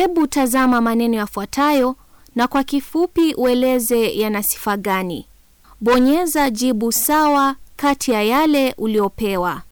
Hebu tazama maneno yafuatayo na kwa kifupi ueleze yana sifa gani. Bonyeza jibu sawa kati ya yale uliopewa.